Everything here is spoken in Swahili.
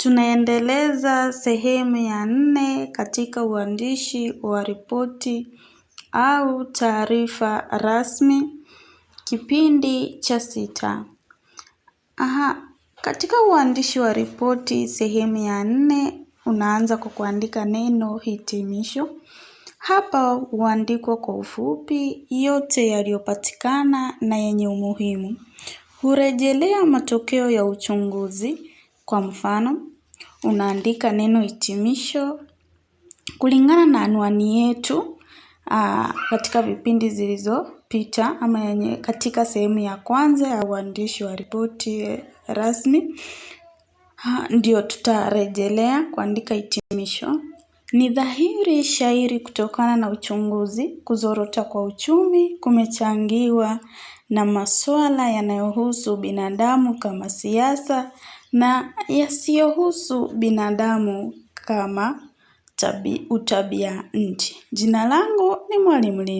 Tunaendeleza sehemu ya nne katika uandishi wa ripoti au taarifa rasmi, kipindi cha sita. Aha, katika uandishi wa ripoti sehemu ya nne unaanza kwa kuandika neno hitimisho. Hapa huandikwa kwa ufupi yote yaliyopatikana na yenye umuhimu. Hurejelea matokeo ya uchunguzi, kwa mfano unaandika neno hitimisho. Kulingana na anwani yetu ah, katika vipindi zilizopita ama yenye katika sehemu ya kwanza ya uandishi wa ripoti eh, rasmi ah, ndio tutarejelea kuandika hitimisho. Ni dhahiri shairi kutokana na uchunguzi, kuzorota kwa uchumi, kumechangiwa na maswala yanayohusu binadamu kama siasa, na yasiyohusu binadamu kama utabia nchi. Jina langu ni Mwalimu Linda.